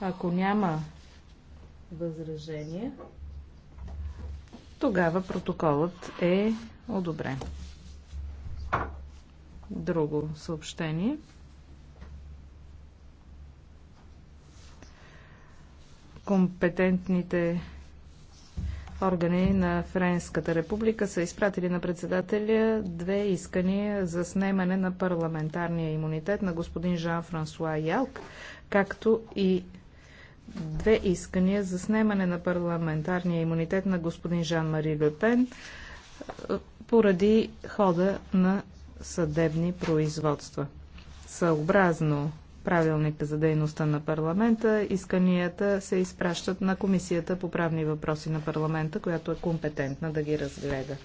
Ако няма възражение, тогава протоколът е одобрен. Друго съобщение. Компетентните органи на Френската република са изпратили на председателя две искания за снемане на парламентарния имунитет на господин Жан-Франсуа Ялк, както и две искания за снемане на парламентарния имунитет на господин Жан-Мари Лепен е, поради хода на съдебни производства. Съобразно правилника за дейността на парламента, исканията се изпращат на Комисията по правни въпроси на парламента, която е компетентна да ги разгледа.